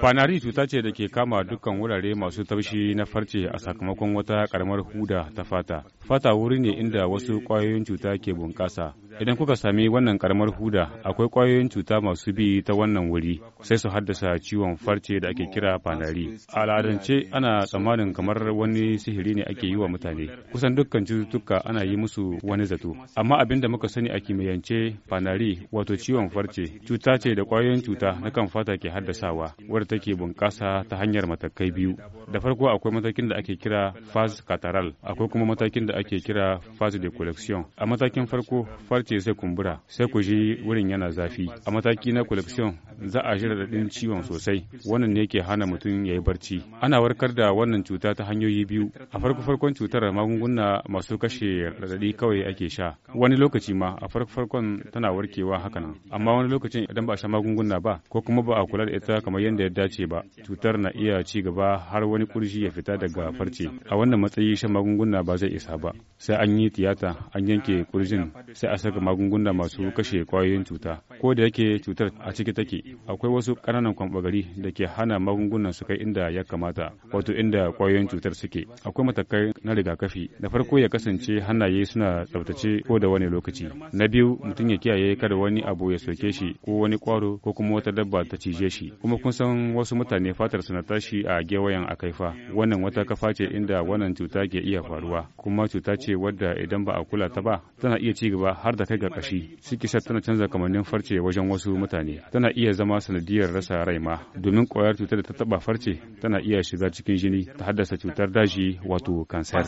Panari cuta ce da ke kama dukkan wurare masu taushi na farce a sakamakon wata karamar huda ta fata. Fata wuri ne inda wasu kwayoyin cuta ke bunƙasa. Idan kuka sami wannan karamar huda, akwai kwayoyin cuta masu bi ta wannan wuri, sai su haddasa ciwon farce da ake kira fanari. A al'adance ana tsammanin kamar wani sihiri ne ake yi wa mutane. Kusan dukkan cututtuka ana yi musu wani zato. Amma abin da muka sani a kimiyyance fanari wato ciwon farce cuta ce da kwayoyin cuta na kan fata ke haddasawa wadda take bunƙasa ta hanyar matakai biyu. Da farko akwai matakin da ake kira phase cataral, akwai kuma matakin da ake kira phase de collection. A matakin farko farce ce sai kumbura sai ku ji wurin yana zafi a mataki na collection za a ji raɗaɗin ciwon sosai wannan ne ke hana mutum ya yi barci ana warkar da wannan cuta ta hanyoyi biyu a farko farkon cutar magunguna masu kashe raɗaɗi kawai ake sha wani lokaci ma a farko farkon tana warkewa haka nan amma wani lokacin idan ba a sha magunguna ba ko kuma ba a kula da ita kamar yadda ya dace ba cutar na iya ci gaba har wani kurji ya fita daga farce a wannan matsayi shan magunguna ba zai isa ba sai an yi tiyata an yanke kurjin sai a saka magunguna masu kashe kwayoyin cuta ko da yake cutar a ciki take akwai wasu ƙananan kwambagari da ke hana magungunan su kai inda ya kamata wato inda kwayoyin cutar suke akwai matakai na rigakafi na farko ya kasance hannaye suna tsabtace ko da wani lokaci na biyu mutum ya kiyaye kada wani abu ya soke shi ko wani kwaro ko kuma wata dabba ta cije shi kuma kun san wasu mutane fatar su na tashi a gewayen akaifa wannan wata kafa ce inda wannan cuta ke iya faruwa kuma cuta ce wadda idan ba a kula ta ba tana iya ci gaba har da ta kai ga kashi tana canza kamannin farce wajen wasu mutane tana iya zama sanadiyar rasa rai ma domin kwayar cutar da ta taba farce tana iya shiga cikin jini ta haddasa cutar daji wato kansar